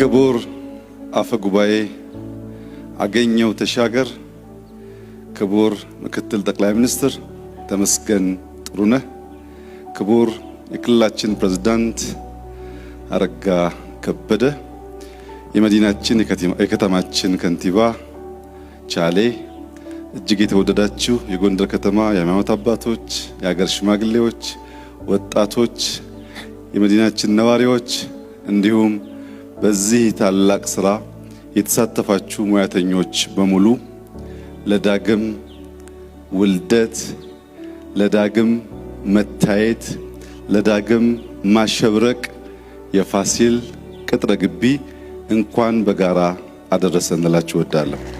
ክቡር አፈ ጉባኤ አገኘው ተሻገር፣ ክቡር ምክትል ጠቅላይ ሚኒስትር ተመስገን ጥሩነህ፣ ክቡር የክልላችን ፕሬዝዳንት አረጋ ከበደ፣ የመዲናችን የከተማችን ከንቲባ ቻሌ፣ እጅግ የተወደዳችሁ የጎንደር ከተማ የሃይማኖት አባቶች፣ የሀገር ሽማግሌዎች፣ ወጣቶች፣ የመዲናችን ነዋሪዎች እንዲሁም በዚህ ታላቅ ስራ የተሳተፋችሁ ሙያተኞች በሙሉ ለዳግም ውልደት፣ ለዳግም መታየት፣ ለዳግም ማሸብረቅ የፋሲል ቅጥረ ግቢ እንኳን በጋራ አደረሰን ልላችሁ እወዳለሁ።